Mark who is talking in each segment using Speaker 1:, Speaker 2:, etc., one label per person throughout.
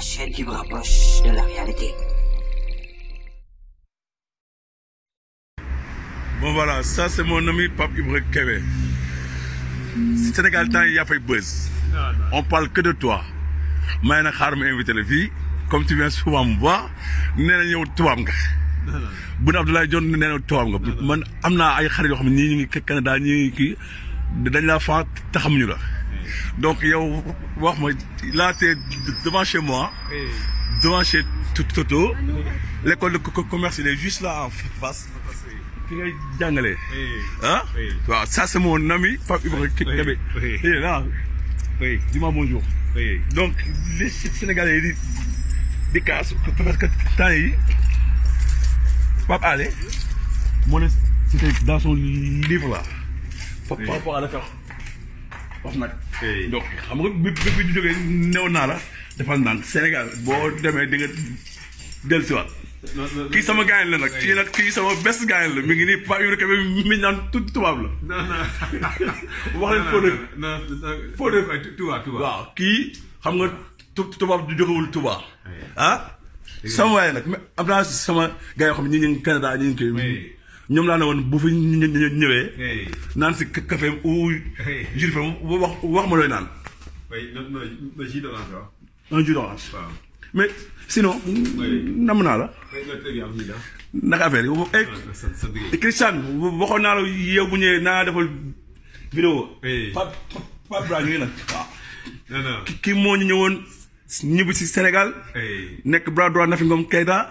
Speaker 1: celle qui vous rapproche de la réalité. Bon voilà, ça c'est mon ami Pape Ibrahim Kébé. Si le temps il y a fait buzz. On parle que de toi. Mais je vais inviter la vie. Comme tu viens souvent me voir, nous sommes toi. Bon Abdoulaye je nga man j'ai ay xarit sont xam Canada dañ donc yow wax ma là devant chez moi. devant chez Toto. l'école de commerce il est juste là en face. tu hein? ça c'est mon ami là dis-moi bonjour. donc les Sénégalais yi di parce que tu dit, pas aller moo c'était dans son livre là. par rapport à l'affaire wax nag. donc xam nga bi bi ñu jógee néew naa la dafa naan Sénégal boo demee di nga dellusiwaat. kii sama gaañ la nag kii nag kii sama bés gaañ la mi ngi nii Pape Ibra Kébé mi naan tu tubaab la. wax leen Fodé. Fodé tubaab tubaab. waaw kii xam nga tu tubaab du jógewul tubaab. ah sama waaye nag am sama gars yoo ñi ñu ngi ñi ngi koy. ñoom laa ne woon bu fi ñëwee. naan si café wax wax ma looy naan. mais sinon. nam naa la. naka affaire yi. eh ah, waxoon naa la yow bu ñëwee naa defal vidéo. Pape Pape ñu ngi ñu ñëwoon si Sénégal. nekk bras droit Nafi Ngom Keïta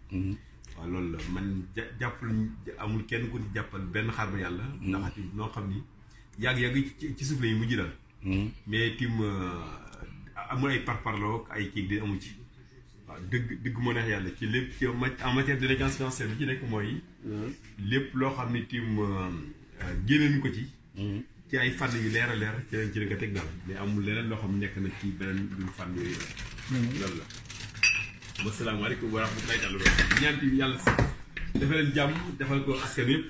Speaker 2: Mm-hmm. waaw loolu la man jàppal amul kenn ku ci jàppal benn xar ma yàlla. Mm-hmm. ndax tim noo xam ni yàgg-yàgg ci ci suuf mu ñu mujj daal. Mm-hmm. mais tim euh, amul ay parparloo ay kii di amul ci. waaw dëgg dëgg moo neex yàlla ci lépp ci en matière d'élégance financière bi ci nekk mooy. lépp loo xam ni tim euh, génne ko ci. ci ay fànn yu leer a leer ci lañ ci la nga teg daal mais amul leneen loo xam nekk na ci beneen du fànn yooyu la. wa salaamualeykum wa rahmatullahi taala ñaan yàlla dafa leen jàmm defal ko askan yëpp.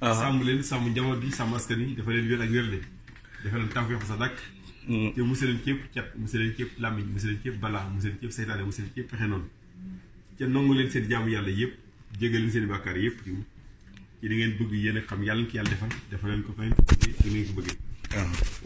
Speaker 2: Ah. sàmm leen sàmm njaboot bi sàmm askan yi dafa leen wér ak wér de dafa leen tànk yox sa dakk mm. te musal leen képp cat musal leen képp làmmiñ musal leen képp balaa musal leen képp saytaane musal leen képp pexe noonu ca nangu leen seen jàmm yàlla yëpp jégal leen seen i bàkkaar yëpp ci li ngeen bëgg yéen a xam yàlla ki yàlla defal defal leen ko fay ak ni ngeen ko bëggee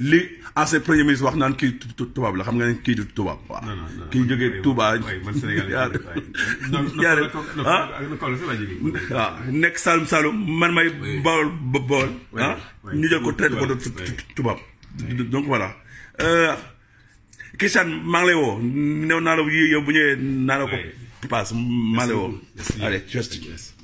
Speaker 1: li ancien premier ministre wax naan kii tubaab la xam nga ne kii du tubaab. waaw kii jógee Touba. man Sénégal nekk Saloum Saloum man may. bool Bawol. Ah? ñu jël ko traité ko doon tubaab. donc voilà. Euh, Christian maa ngi lay woo néew naa yow bu ñëwee naa la ko paas maa ngi lay